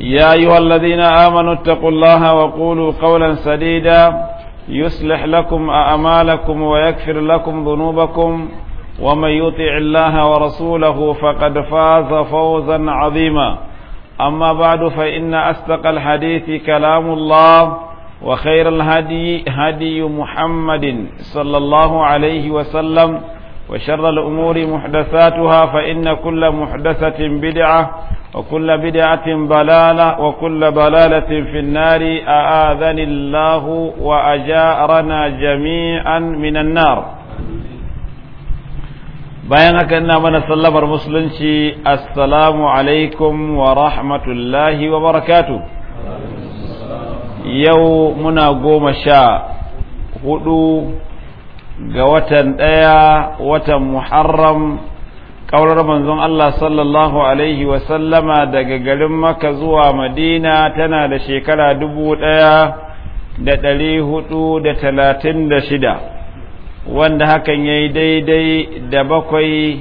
يا أيها الذين آمنوا اتقوا الله وقولوا قولا سديدا يصلح لكم أعمالكم ويكفر لكم ذنوبكم ومن يطع الله ورسوله فقد فاز فوزا عظيما أما بعد فإن أصدق الحديث كلام الله وخير الهدي هدي محمد صلى الله عليه وسلم وشر الأمور محدثاتها فإن كل محدثة بدعة وكل بدعة ضلالة وكل ضلالة في النار a الله wa ajarana jami'an minanar. bayan haka ina mana sallamar musulunci assalamu alaikum wa rahmatullahi wa barakatu yau muna goma sha huɗu. ga watan ɗaya watan muharram ƙaurar manzon Allah sallallahu Alaihi wasallama daga garin Maka zuwa Madina tana da shekara dubu ɗaya da ɗari hudu da talatin da shida, wanda hakan ya daidai da bakwai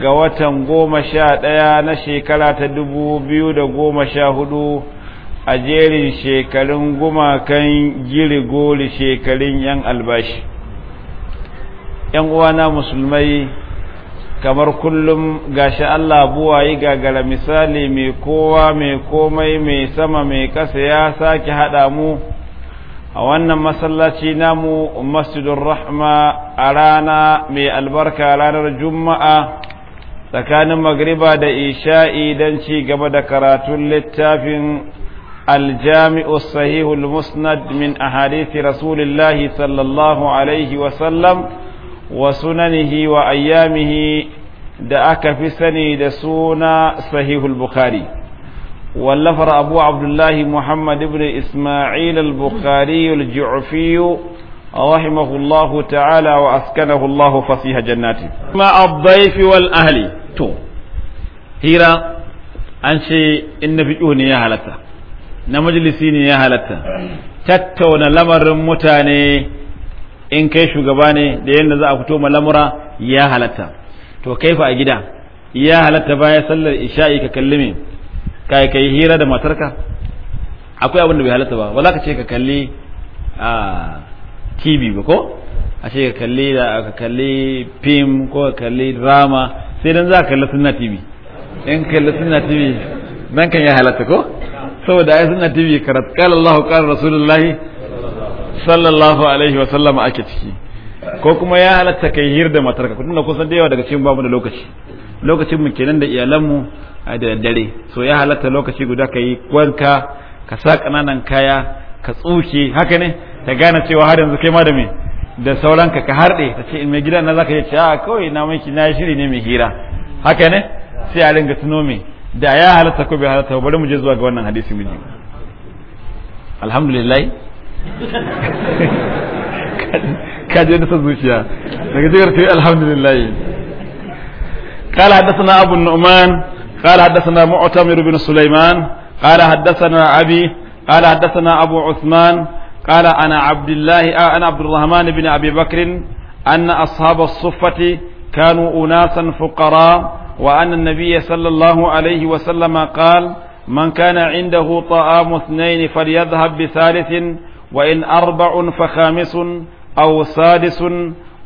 ga watan goma sha ɗaya na shekara ta dubu biyu da goma sha hudu a jerin shekarun gumakan girigoli shekarun ‘yan albashi. ‘Yan uwana musulmai’ kamar kullum gashi Allah buwayi gagara misali mai kowa mai komai mai sama mai kasa ya sake haɗa mu a wannan masallaci namu masjidun rahma a rana mai albarka ranar juma'a tsakanin magriba da isha'i don ci gaba da karatun littafin aljami'u sahihul musnad min ahadithi rasulillahi sallallahu alaihi wasallam wa sunanihi wa ayyamihi da aka fi sani da suna sahihul bukhari wallafar abu abdullahi muhammad ibn isma'il al-bukhari al-ju'fiyu rahimahullahu ta'ala wa askanahullahu fasiha jannati ma ad-dayf wal ahli to hira an ce in na fito ne ya halatta na majalisi ne ya halatta tattauna lamarin mutane in kai shugaba ne da yadda za a fito ma lamura ya halatta to kaifa a gida ya halatta bayan sallar isha'i ka kalli me kai kai hira da matarka akwai abin da bai halatta ba ba za ka ce ka kalli a tv ba ko a ce ka kalli da ka kalli film ko ka kalli drama sai dan za ka kalli sunna tv in kalli sunna tv nan kan ya halatta ko saboda ai sunna tv karat qala allah qala rasulullahi sallallahu alaihi wa sallama ake ciki ko kuma ya halatta kai hir da matarka kun da kusan da yawa daga cikin babu da lokaci lokacin mu kenan da iyalanmu da dare so ya halatta lokaci guda kai wanka ka sa kananan kaya ka tsuke haka ne ta gane cewa har yanzu kai ma da me da sauranka ka harɗe ta ce in mai gidan na zaka yi ce a ah, kawai na miki na shiri ne mai hira haka ne sai a ringa tuno me da ya halatta ko bai halatta bari mu je zuwa ga wannan hadisi mu ji alhamdulillah kaje da san zuciya daga jigar قال حدثنا أبو النعمان قال حدثنا معتمر بن سليمان قال حدثنا أبي قال حدثنا أبو عثمان قال أنا عبد الله آه، أنا عبد الرحمن بن أبي بكر أن أصحاب الصفة كانوا أناسا فقراء وأن النبي صلى الله عليه وسلم قال من كان عنده طعام اثنين فليذهب بثالث وإن أربع فخامس أو سادس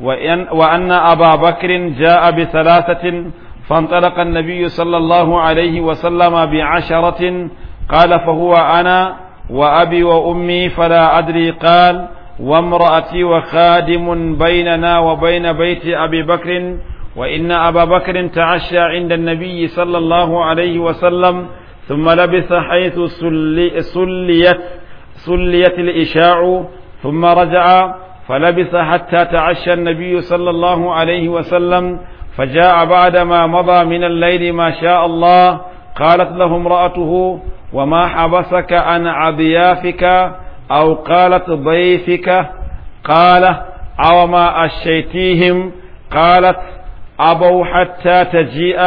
وإن وأن أبا بكر جاء بثلاثة فانطلق النبي صلى الله عليه وسلم بعشرة قال فهو أنا وأبي وأمي فلا أدري قال وامرأتي وخادم بيننا وبين بيت أبي بكر وإن أبا بكر تعشى عند النبي صلى الله عليه وسلم ثم لبث حيث سلي سليت سليت الإشاع ثم رجع فلبس حتى تعشى النبي صلى الله عليه وسلم فجاء بعدما مضى من الليل ما شاء الله قالت له امرأته وما حبسك عن عضيافك أو قالت ضيفك قال أو ما أشيتيهم قالت أبوا حتى تجيء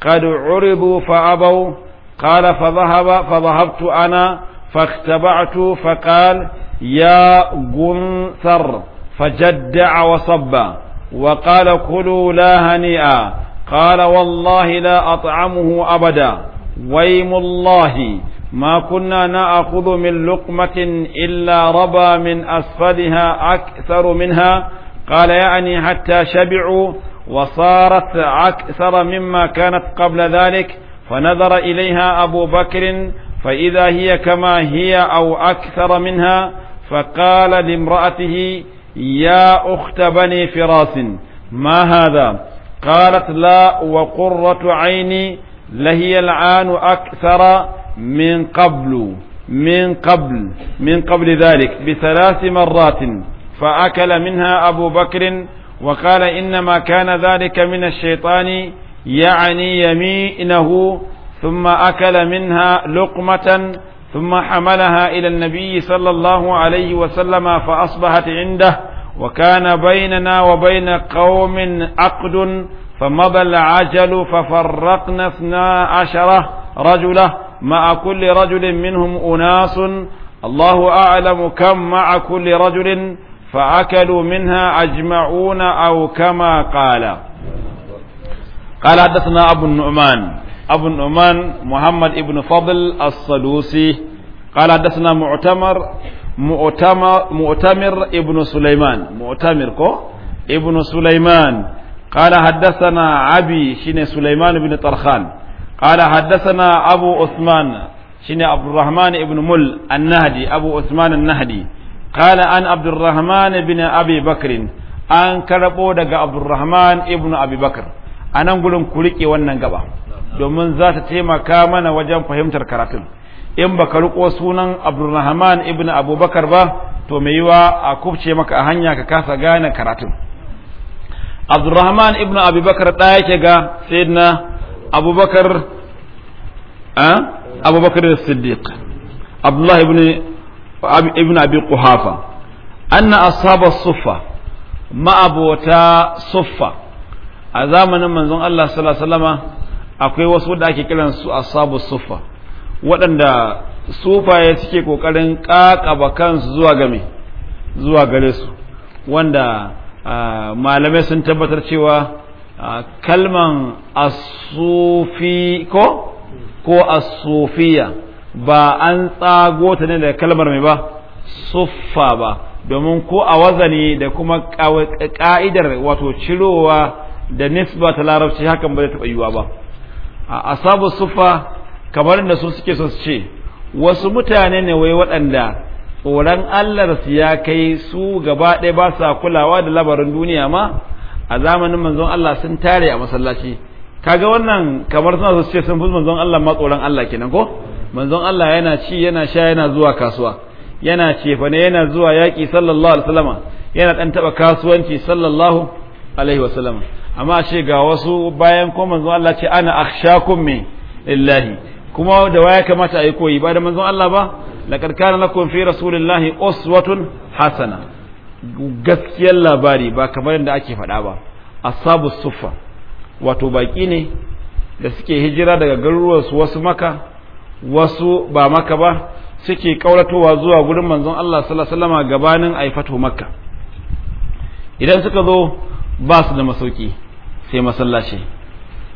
قد عربوا فأبوا قال فذهب فذهبت أنا فاختبعت فقال يا قنثر فجدع وصب وقال كلوا لا هنيئا قال والله لا أطعمه أبدا ويم الله ما كنا نأخذ من لقمة إلا ربى من أسفلها أكثر منها قال يعني حتى شبعوا وصارت أكثر مما كانت قبل ذلك فنظر إليها أبو بكر فإذا هي كما هي أو أكثر منها فقال لامرأته يا أخت بني فراس ما هذا قالت لا وقرة عيني لهي العان أكثر من قبل من قبل من قبل ذلك بثلاث مرات فأكل منها أبو بكر وقال إنما كان ذلك من الشيطان يعني يمينه ثم أكل منها لقمة ثم حملها إلى النبي صلى الله عليه وسلم فأصبحت عنده وكان بيننا وبين قوم عقد فمضى العجل ففرقنا اثنا عشرة رجلة مع كل رجل منهم أناس الله أعلم كم مع كل رجل فأكلوا منها أجمعون أو كما قال قال حدثنا أبو النعمان أبو النعمان محمد ابن فضل الصدوسي قال حدثنا معتمر مؤتمر مؤتمر ابن سليمان مؤتمر كو ابن سليمان قال حدثنا عبي شين سليمان بن طرخان قال حدثنا أبو عثمان شين عبد الرحمن ابن مل النهدي أبو عثمان النهدي قال أن عبد الرحمن بن أبي بكر أن كربو دق عبد الرحمن ابن أبي بكر أنا نقول كلك وننقبه domin za ta taimaka mana wajen fahimtar karatun in ba ka riko sunan abdulrahman ibn abubakar ba to mai yiwa a kubce maka a hanya ka kasa gane karatun abdulrahman ibn abubakar ɗaya yake ga sayyidina abubakar abubakar siddiq abdullahi ibn ibn abi quhafa anna ashabu suffa ma'abota suffa a zamanin manzon Allah sallallahu alaihi wasallama akwai wasu da ake kiran su sabu sufa waɗanda sufaye suke kokarin kakaba kansu zuwa game zuwa gare su wanda malamai sun tabbatar cewa kalman asufi ko ko asufiya ba an tsago ta ne da kalmar mai ba suffa ba domin ko a wazani da kuma ka'idar wato cirowa da nisba ta larabci hakan ba zai taɓa yiwuwa ba a asabu sufa kamar da su suke su ce wasu mutane ne wai waɗanda tsoron Allah su ya kai su gaba ɗaya ba sa kulawa da labarin duniya ma a zamanin manzon Allah sun tare a masallaci kaga wannan kamar suna su ce sun fi manzon Allah ma tsoron Allah kenan ko manzon Allah yana ci yana sha yana zuwa kasuwa yana ne yana zuwa yaƙi sallallahu alaihi wasallama yana ɗan taɓa kasuwanci sallallahu alaihi wasallama amma ce ga wasu bayan ko manzon Allah ce ana akhshakum min lillahi kuma da waya kamata ayi koyi ba da manzon Allah ba laqad kana lakum fi rasulillahi uswatun hasana gaskiyar labari ba kamar yadda ake faɗa ba ashabu suffa wato baki ne da suke hijira daga garuruwan su wasu maka wasu ba maka ba suke kauratowa zuwa gurin manzon Allah sallallahu alaihi wasallam gabanin aifatu makka idan suka zo ba su da masauki sai masallaci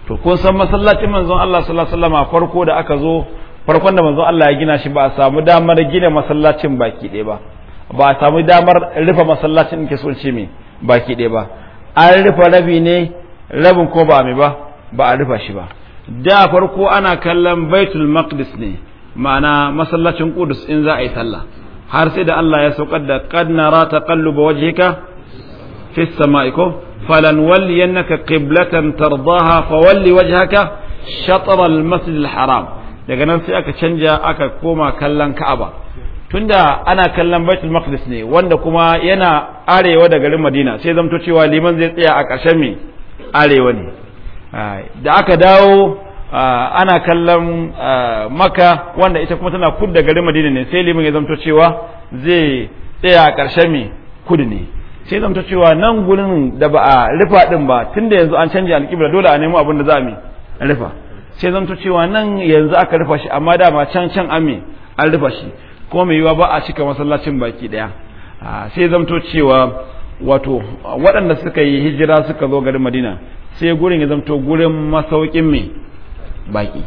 to kun san masallacin manzon Allah sallallahu alaihi wasallam farko da aka zo farkon da manzon Allah ya gina shi ba a samu damar gina masallacin baki ɗaya ba ba a samu damar rufe masallacin ke sun ce me baki ɗaya ba an rufe rabi ne rabin ko ba me ba ba a rufe shi ba da farko ana kallon baitul maqdis ne ma'ana masallacin kudus in za a yi sallah har sai da Allah ya saukar da qad nara ba wajhika ka? sama'i ko فلنولينك قبلة ترضاها فولي وجهك شطر المسجد الحرام daga nan sai aka canja aka koma kallon Ka'aba tunda ana kallon Baitul Maqdis ne wanda kuma yana arewa da garin Madina sai zamto cewa liman zai tsaya a ƙarshen me arewa ne da aka dawo ana kallon Makka wanda ita kuma tana kudda garin Madina ne sai liman ya zamto cewa zai tsaya a ƙarshen me kudu ne sai zamta cewa nan gurin da ba a rufa din ba tunda yanzu an canja alƙibla dole a nemo abin da za a mi rufa sai zamta cewa nan yanzu aka rufa shi amma dama can can ame an rufa shi kuma mai yiwa ba a cika masallacin baki daya sai zamto cewa wato waɗanda suka yi hijira suka zo garin madina sai gurin ya zamto gurin masaukin mai baki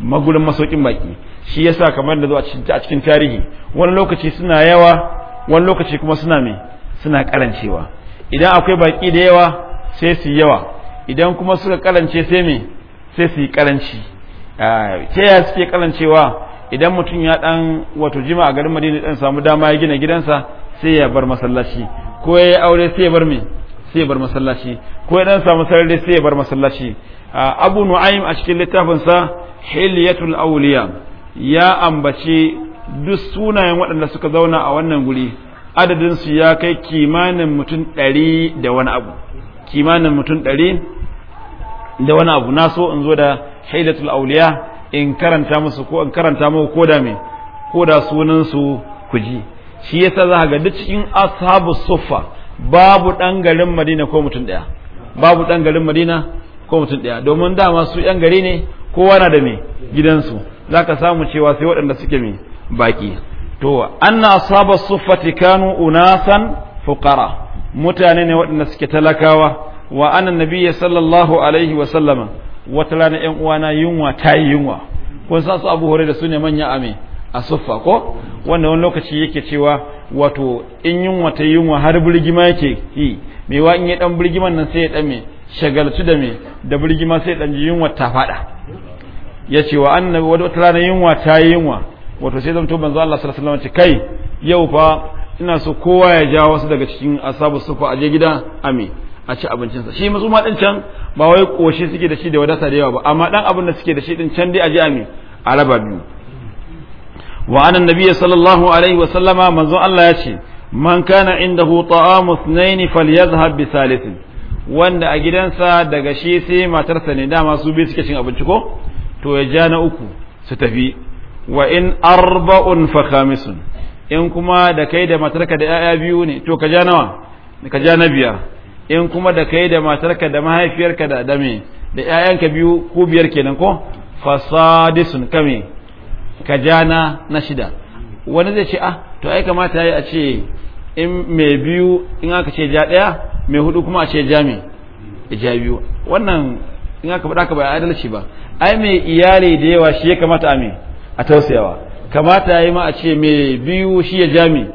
magurin masaukin baki shi yasa kamar da zo a cikin tarihi wani lokaci suna yawa wani lokaci kuma suna mai suna karancewa idan akwai baki da yawa sai su yawa idan kuma suka karance sai me sai su yi karanci ah, ta yaya suke karancewa idan mutum ya dan wato jima a garin madina dan samu dama ya gina gidansa sai ya bar masallaci ko ya yi aure sai ya bar me sai ya bar masallaci ko ya dan samu sarari sai ya bar masallaci ah, abu nu'aim a cikin littafinsa hilyatul awliya ya ambaci duk sunayen waɗanda suka zauna a wannan guri adadin su ya kai kimanin mutum ɗari da wani abu kimanin mutum ɗari da wani abu na so in zo da haidatul auliya in karanta musu ko in karanta muku ko da me ko da sunansu ku ji shi yasa za ga duk cikin ashabu suffa babu dan garin Madina ko mutum daya babu dan garin Madina ko mutum daya domin dama su yan gari ne kowa na da me gidansu zaka samu cewa sai waɗanda suke me baki to anna asaba suffati kanu unasan fuqara mutane ne waɗanda suke talakawa wa anna nabiyya sallallahu alaihi wa sallama wata yan uwa uwana yunwa ta yi yunwa kun san su abu hore da su ne manya ame a suffa ko wanda wani lokaci yake cewa wato in yunwa ta yunwa har birgima yake yi me wa in ya dan birgiman nan sai ya dan me shagaltu da me da birgima sai dan ji yunwa ta fada ya ce wa annabi wata rana yunwa ta yi yunwa wato sai zamto manzo Allah sallallahu alaihi wasallam ce kai yau fa ina so kowa ya ja wasu daga cikin asabu sufa a je gida amin a ci abincinsa shi mazuma ma din can ba wai koshi suke da shi da wadata da yawa ba amma dan abin da suke da shi din can dai aje amin a raba biyu wa anan nabiyyi sallallahu alaihi wa sallama manzo Allah ya ce man kana indahu ta'amu ithnain falyadhhab bi thalith wanda a gidansa daga shi sai matarsa ne dama su bi suke cin abinci ko to ya ja na uku su tafi wa in arba'un fa khamisun in kuma da kai da matarka da 'ya'ya biyu ne to ka ja nawa ka ja na biyar in kuma da kai da matarka da mahaifiyarka da dame da 'ya'yanka biyu ko biyar kenan ko sadisun kame ka ja na na shida wani zai ce ah to ai kamata a ce in mai biyu in aka ce ja ɗaya mai hudu kuma a ce ja me ja biyu wannan in aka faɗa ka ba adalci ba ai mai iyali da yawa shi ya kamata a me a tausayawa kamata ya yi ma a ce mai biyu shi ya jami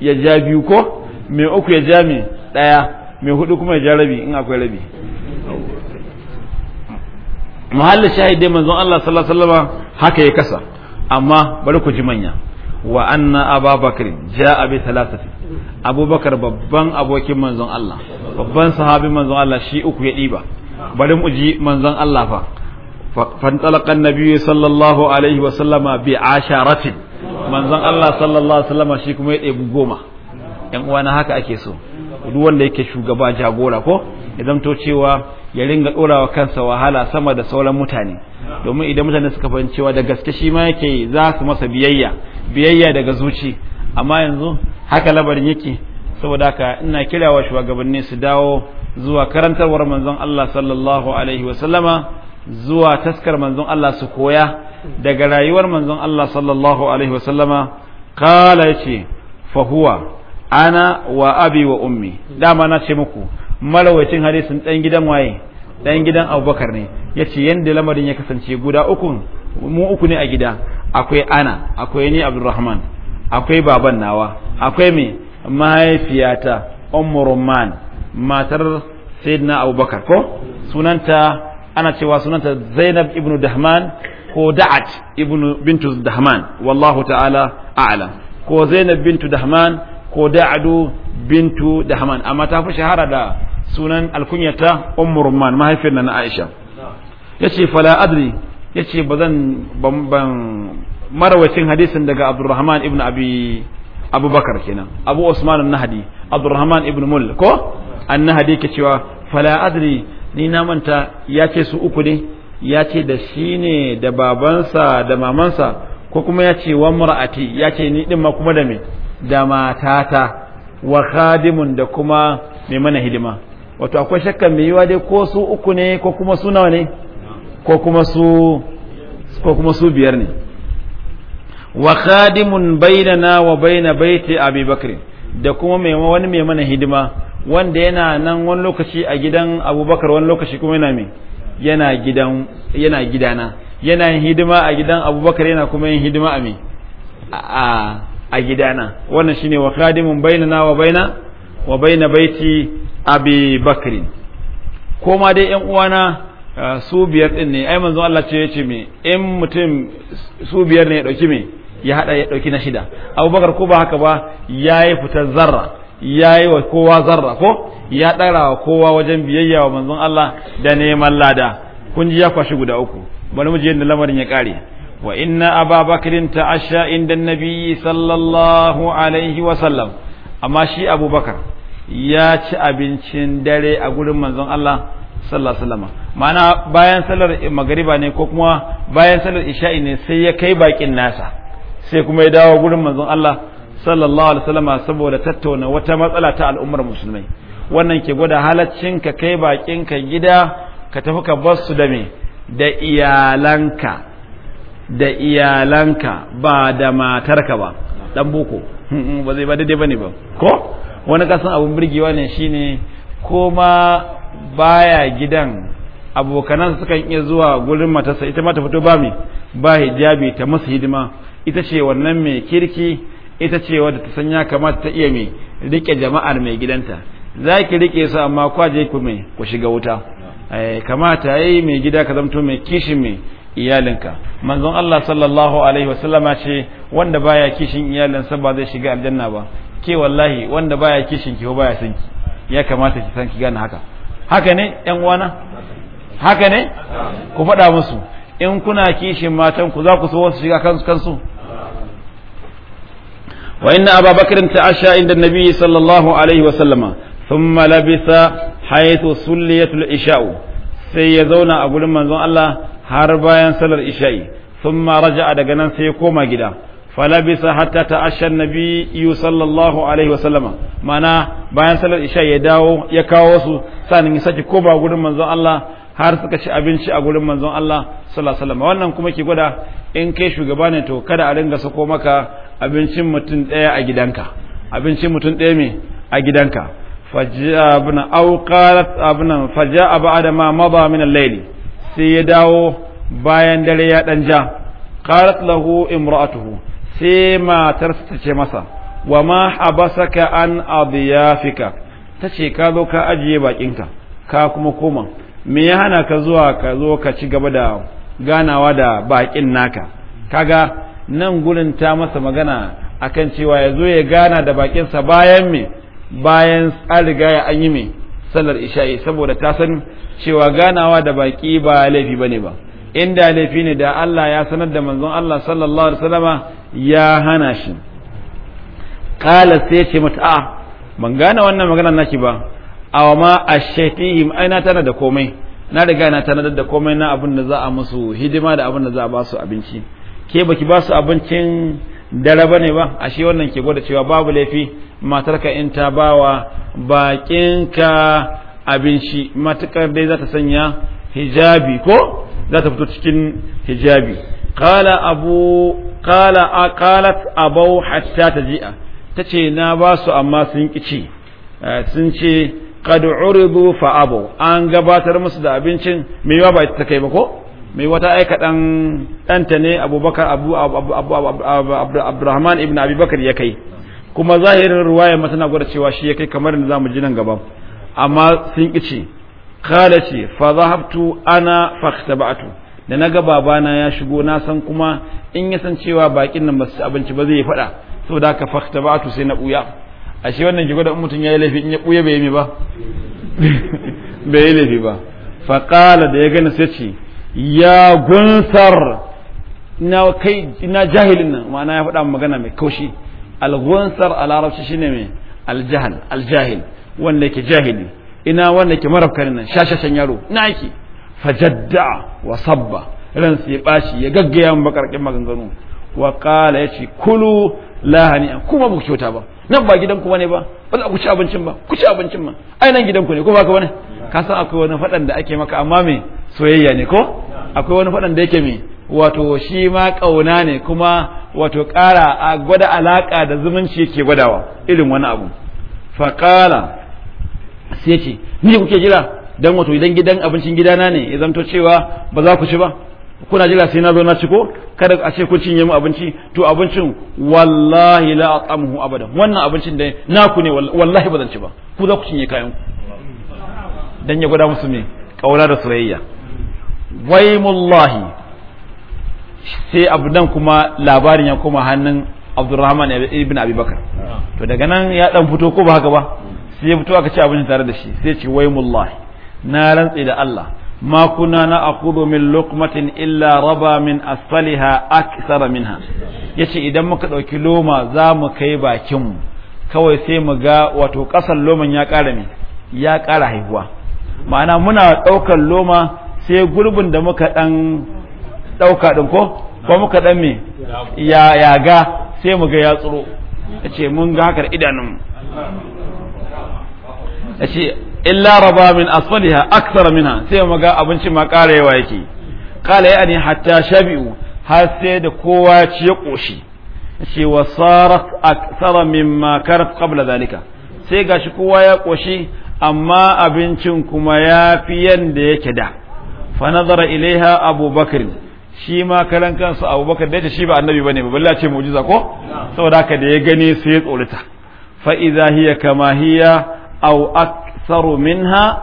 ya ja biyu ko mai uku ya jami ɗaya mai hudu kuma ya ja rabi in akwai rabi mahallin shahidai manzon Allah sallallahu alaihi wasallam haka ya kasa amma bari ku ji manya wa anna abubakar ja'a bi thalathati abubakar babban abokin manzon Allah babban sahabi manzon Allah shi uku ya diba bari mu ji manzon Allah fa فانطلق النبي صلى الله عليه وسلم بعشرة من زن الله صلى الله عليه وسلم شيكم يدي goma yan uwana haka ake so duk wanda yake shugaba jagora ko idan to cewa ya ringa dorawa kansa wahala sama da sauran mutane domin idan mutane suka fahimci cewa da gaske shi ma yake za su masa biyayya biyayya daga zuci amma yanzu haka labarin yake saboda haka ina kirawa shugabanni su dawo zuwa karantarwar manzon Allah sallallahu alaihi wa sallama zuwa taskar manzon Allah su koya daga rayuwar manzon Allah sallallahu alaihi wasallama kala yace fa huwa ana wa abi wa ummi dama na ce muku marawacin hadisin dan gidan waye dan gidan Abubakar ne yace yanda lamarin ya kasance guda uku mu uku ne a gida akwai ana akwai ni Abdulrahman akwai baban nawa akwai me mahaifiyata ummu matar sayyidina Abubakar ko sunanta ana cewa sunanta Zainab ibn Dahman ko Da'at ibn bintu Dahman wallahu ta'ala a'lam ko Zainab bintu Dahman ko Da'adu bintu Dahman amma ta fi shahara da sunan alkunyata Ummu Rumman mahaifiyar na Aisha yace fala adri yace bazan ban marawacin hadisin daga Abdurrahman ibn Abi Abubakar kenan Abu Usman an-Nahdi Abdurrahman ibn mul ko an-Nahdi ke cewa fala adri ni na manta ya ce su uku ne ya ce da shi ne da babansa da mamansa ko kuma ya ce wa mura'ati ya ce ni din ma kuma da me da matata wa khadimun da kuma mai mana hidima wato akwai shakka mai yiwa dai ko su uku ne ko kuma su nawa ne ko kuma su ko kuma su biyar ne wa khadimun bainana wa baina baiti abi bakr da kuma mai wani mai mana hidima wanda yana nan wani lokaci a gidan abubakar wani lokaci kuma yana mai yana gidan yana gidana yana yin hidima a gidan abubakar yana kuma yin hidima a mai a gidana wannan shine wa khadimun na wa baina wa baina baiti abi bakri ko ma dai yan uwana su biyar din ne ai manzon Allah ce yace me in mutum su biyar ne ya dauki me ya hada ya dauki na shida abubakar ko ba haka ba yayi fitar zarra ya yi wa kowa zarra ko ya ɗara wa kowa wajen biyayya wa manzon Allah da neman lada kun ji ya kwashi guda uku bari mu je yadda lamarin ya ƙare wa inna ta asha inda nabi sallallahu alaihi wa sallam amma shi abubakar ya ci abincin dare a gurin manzon Allah sallallahu alaihi ma'ana bayan sallar magariba ne ko kuma bayan sallar isha'i ne sai ya kai bakin nasa sai kuma ya dawo gurin manzon Allah sallallahu alaihi wasallam saboda tattauna wata matsala ta al'ummar musulmai wannan ke gwada halaccin ka kai bakin ka gida ka tafi ka bar su da me da iyalanka da iyalanka ba da matarka ba dan boko hmm, ba zai ba daidai bane ba ko wani kasan abun birgewa ne shine kuma baya gidan abokanan sukan iya zuwa gurin matarsa ita ma ta fito ba mi ba hijabi ta musu hidima ita ce wannan mai kirki ita ce wadda ta san ya kamata ta iya mai rike jama'ar mai gidanta za ki rike su amma kwaje ku mai ku shiga wuta eh, kamata yi mai gida ka zamto mai kishin mai iyalinka manzon Allah sallallahu alaihi wasallama ce wanda baya kishin iyalinsa ba zai shiga aljanna ba ke wallahi wanda baya kishin ki ko baya san ki ya kamata ki san ki gane haka haka ne yan uwana haka ne ku faɗa musu in kuna kishin matan ku za ku so wasu shiga kansu kansu وإن أبا بكر تعشى عند النبي صلى الله عليه وسلم ثم لبث حيث صليت العشاء سيزون أبو لمن الله هربا ينسل العشاء ثم رجع دقنا سيقوم جدا فلبث حتى تعشى النبي صلى الله عليه وسلم معناه bayan salar isha ya dawo ya kawo su sanin ya saki ko ba gurin manzon Allah har suka ci abinci a gurin manzon Allah sallallahu alaihi wasallam wannan kuma ke gwada in kai shugaba ne to kada a ringa sako maka abincin mutum ɗaya a gidanka abincin mutum ɗaya mai a gidanka fajiya aw qalat abna ma mada minan laili sai ya dawo bayan dare ya ɗan ja qalat lahu imra'atuhu sai matarsa ta ce masa wa ma habasaka an adiyafika tace ka zo ka ajiye bakinka ka kuma koma me ya hana ka zuwa ka zo ka ci gaba da ganawa da bakin naka kaga nan gurin ta masa magana a kan cewa ya zo ya gana da bakinsa bayan me bayan an ya an yi me sallar isha'i saboda ta san cewa ganawa da baki ba laifi bane ba inda laifi ne da Allah ya sanar da manzon Allah sallallahu alaihi wasallama ya hana shi kala sai ce mata a ban gane wannan magana naki ba awa ma ashatihim ai na tana da komai na riga na tana da komai na abin da za a musu hidima da abin da za a ba abinci ke baki ba su abincin dare bane ba ashe wannan ke gwada cewa babu laifi matarka in ta bawa bakinka abinci matukar dai za ta sanya hijabi ko za ta fito cikin hijabi kala abu qala qalat abau hatta ta tace na ba su amma sun kici eh, sun ce qad fa abu an gabatar musu da abincin me ba ta kai ba ko mai wata aika dan danta ne abubakar abu abdurrahman ibn abubakar ya kai kuma zahirin ruwa ya masana gwada cewa shi ya kai kamar da zamu ji nan gaba amma sun kici kala ce fa zahabtu ana fakhtabatu da na ga babana ya shigo na san kuma in ya san cewa bakin nan masu abinci ba zai yi fada saboda sai na buya ashe wannan laifi in ya ɓuya bai yi ba bai yi laifi ba fa da ya gani sai ya gunsar na kai na jahilin nan ma'ana ya faɗa magana mai kaushi al-gunsar a larabci shine mai al-jahal al-jahil wanda yake jahili ina wanda yake marafkar nan shashashan yaro na yake fajadda wa sabba ran sai bashi ya gaggaya mu bakarkin maganganu wa qala yace kulu lahani kuma ba ku kyauta ba nan ba gidan ku ne ba ba za ku ci abincin ba ku ci abincin ma ai nan gidan ku ne ko ba ka bane ka san akwai wani fadan da ake maka amma me soyayya ne ko akwai wani faɗan da yake mai wato shi ma ƙauna ne kuma wato ƙara a gwada alaƙa da zumunci yake gwadawa irin wani abu faƙala sai ce ni kuke jira dan wato idan gidan abincin gidana ne ya zanto cewa ba za ku ci ba kuna jira sai na zo na ci ko kada a ce ku cinye mu abinci to abincin wallahi la atamuhu abada wannan abincin da naku ne wallahi ba zan ci ba ku za ku cinye kayan dan ya gwada musu me kaura da soyayya waimullahi sai abu nan kuma labarin ya koma hannun abdurrahman ibn abubakar to daga nan ya dan fito ko ba haka ba sai ya fito aka ci abinci tare da shi sai ce waimullahi na rantsi da Allah ma kuna na akudu min luqmatin illa raba min asfaliha aksara minha yace idan muka dauki loma za mu kai bakin mu kawai sai mu ga wato kasan loman ya ƙara ya ƙara haihuwa ma'ana muna ɗaukar loma sai gurbin da muka dan dauka din ko ko muka dan me ya yaga sai mu ga ya tsiro ce mun ga haka idanun ce illa raba min asfaliha akthara minha sai mu ga abinci ma karewa yake qala ani hatta shabi'u har sai da kowa ci ya koshi yace wasarat akthara mimma karat qabla zalika sai gashi kowa ya koshi amma abincin kuma ya fi yanda yake da fa nazara ilaiha abu shi ma kalan kansa abu bakr da shi ba annabi bane ba balla ce mu'jiza ko saboda haka da ya gani sai ya tsorita fa idza hiya kama hiya aw aktharu minha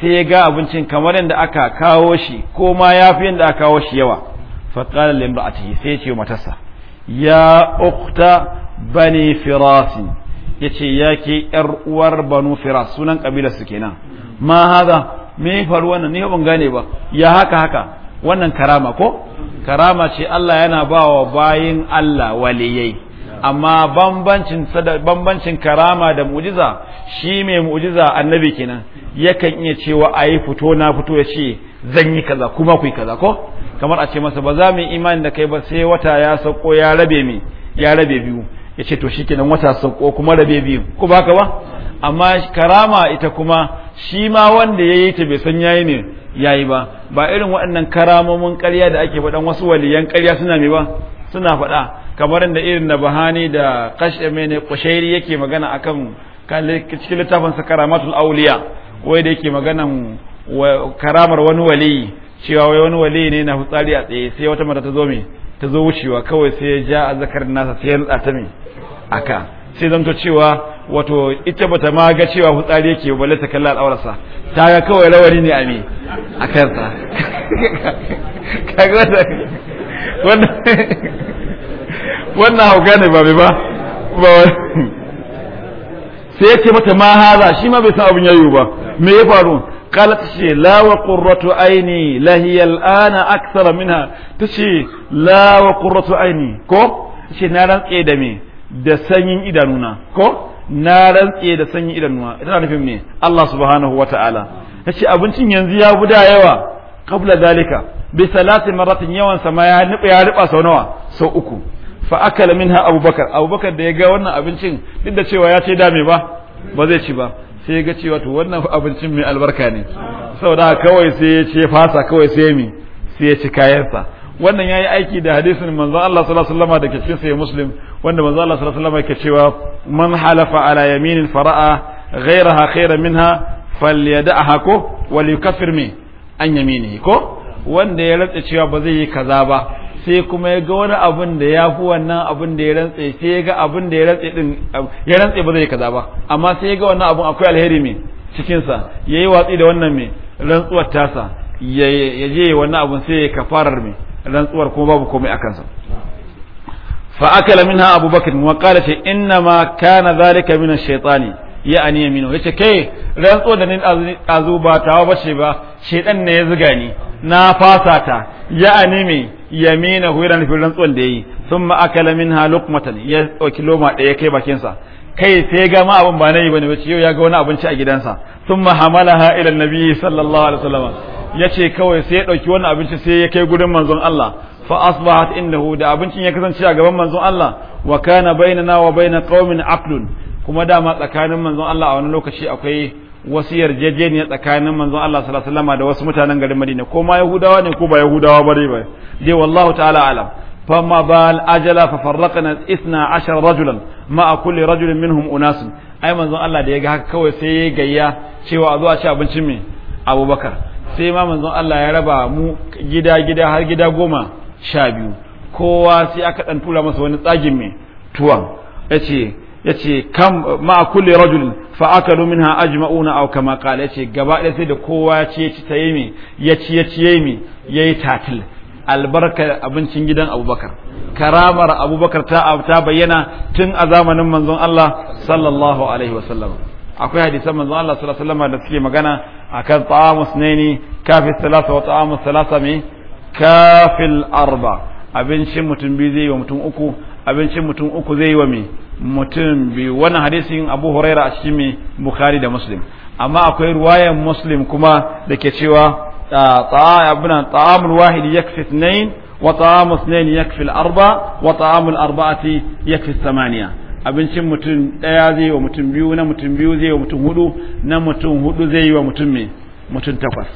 sai ya ga abincin kamar yadda aka kawo shi ko ma yafi yadda aka kawo shi yawa fa qala limra'atihi sai ya ce matarsa ya ukhta bani firasin yace yake yar uwar banu firas sunan kabilar su kenan ma hada me ya faru wannan ni ban gane ba ya haka haka wannan karama ko karama ce Allah yana ba wa bayin Allah waliyai amma bambancin bambancin karama da mu'jiza shi mai mu'jiza annabi kenan yakan iya cewa ayi fito na fito ya ce zan yi kaza kuma ku yi kaza ko kamar a ce masa ba za mu imani da kai ba sai wata ya sauko ya rabe mi ya rabe biyu ya ce to shikenan wata sauko kuma rabe biyu ko ba ba amma karama ita kuma shi ma wanda ya yi ta bai san yayi ne yayi ba ba irin waɗannan karamomin ƙarya da ake faɗan wasu waliyan ƙarya suna mai ba suna faɗa kamar da irin na bahani da kashe mene kushairi yake magana akan cikin littafin sa karamatul auliya wai da yake maganan karamar wani wali cewa wai wani wali ne na fitsari a tsaye sai wata mata ta zo me ta zo wucewa kawai sai ya ja zakar nasa sai ya nutsa ta me aka sai zanto cewa wato ita bata ma ga cewa hutsari yake balle ta kalla al'aurarsa ta ga kawai rawani ne a me a kansa kaga wannan wannan hauka ne ba ba sai ya ce mata ma haza shi ma bai san abin yayi ba me ya faru قالت aini لا وقرة عيني لا هي الآن أكثر منها تشي aini ko عيني na rantsa da me da sanyin idanuna ko na rantse da sanyi idan idanuwa ita nufin me Allah subhanahu wa ta'ala ce abincin yanzu ya guda yawa qabla dalika bi salati maratin yawan sama ya nuba ya riba sau nawa sau uku fa akala minha abubakar abubakar da ya ga wannan abincin duk da cewa ya ce da me ba ba zai ci ba sai ya ga cewa to wannan abincin mai albarka ne saboda kawai sai ya ce fasa kawai sai me sai ya ci kayansa wannan yayi aiki da hadisin manzo Allah sallallahu alaihi wasallam da ke cikin sahih muslim wanda manzo Allah sallallahu alaihi wasallam yake cewa man halafa ala yaminin fara'a ghayraha khayran minha falyad'aha ko wal yukaffir mi an yaminihi ko wanda ya rantsa cewa ba zai yi kaza ba sai kuma ya ga wani abin da ya fi wannan abin da ya rantsa sai ya ga abin da ya rantsa din ya rantsa ba zai yi kaza ba amma sai ya ga wannan abin akwai alheri mi cikin sa yayi watsi da wannan mi rantsuwar tasa ya je wannan abin sai ya kafarar mi. rantsuwar kuma babu komai a kansa fa akala minha abubakar wa qala ce inna ma kana zalika min ash-shaytani ya mino. Ya ce kai rantsuwar da ni azu ba tawa bace ba shaytan ne ya zuga ni na fasa ta ya ani me yamina huira ni rantsuwar da yayi thumma min ha luqmatan ya ɗauki loma daya kai bakinsa. kai sai ga ma abin ba nayi bane bace yau ya ga wani abinci a gidansa thumma hamalaha ila an-nabi sallallahu alaihi wasallam ya ce kawai sai ya ɗauki wannan abinci sai ya kai gurin manzon Allah fa asbahat indahu da abincin ya kasance a gaban manzon Allah wa kana bainana wa baina qaumin aqlun kuma dama tsakanin manzon Allah a wani lokaci akwai wasu yarjejeniya tsakanin manzon Allah sallallahu alaihi wasallam da wasu mutanen garin Madina ko ma Yahudawa ne ko ba Yahudawa bare ba dai wallahu ta'ala alam فما بال أجل ففرقنا اثنا عشر رجلا مع كل رجل منهم أناس أي من الله da ya ga haka kawai sai ya gayya cewa a zuwa ci abincin Abubakar sai ma manzon Allah ya raba mu gida gida har gida goma sha biyu kowa sai aka dan tura masa wani tsagin mai tuwan yace yace kam ma kulli rajul fa akalu minha ajma'una aw kama qala yace gaba ɗaya sai da kowa ya ci ci tayi mi ya ci ya ci yayi mi yayi tatil albarka abincin gidan Abubakar karamar Abubakar ta ta bayyana tun a zamanin manzon Allah sallallahu alaihi wasallam akwai hadisan manzon Allah sallallahu alaihi wasallam da suke magana akan ta'amu sunaini kafin salasa wa ta'amu salasa mai kafin arba abincin mutum biyu zai yi wa mutum uku abincin mutum uku zai yi wa mai mutum biyu wannan hadisin abu huraira a cikin mai bukhari da muslim amma akwai ruwayan muslim kuma da ke cewa abin abinan ta'amul wahidi yakfi sunain wa ta'amu sunaini yakfi arba wa ta'amul arba'ati yakfi samaniya abincin mutum ɗaya zai yi wa mutum biyu na mutum biyu zai yi wa mutum hudu na mutum hudu zai yi wa mutum mai mutum takwas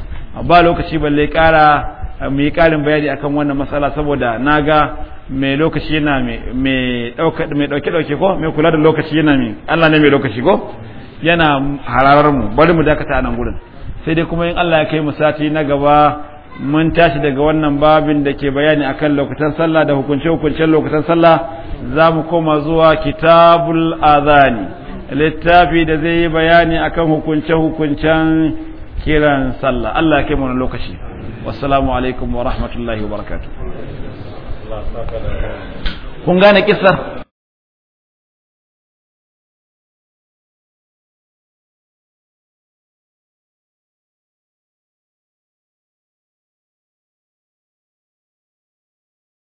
ba lokaci balle ƙara eh, mu yi ƙarin bayani akan wannan matsala saboda na ga mai lokaci yana mai ɗauke ɗauke ko mai kula da lokaci yana mai Allah ne mai lokaci ko yana hararar mu bari mu dakata a nan gurin sai dai kuma in Allah ya kai mu sati na gaba mun tashi daga wannan babin da ke bayani akan lokutan sallah da hukunce-hukuncen lokutan sallah za mu koma zuwa kitabul azani littafi da zai yi bayani akan hukunce-hukuncen kiran sallah Allah ya kai mu lokaci wassalamu alaikum wa rahmatullahi wa barakatuh kun gane kisar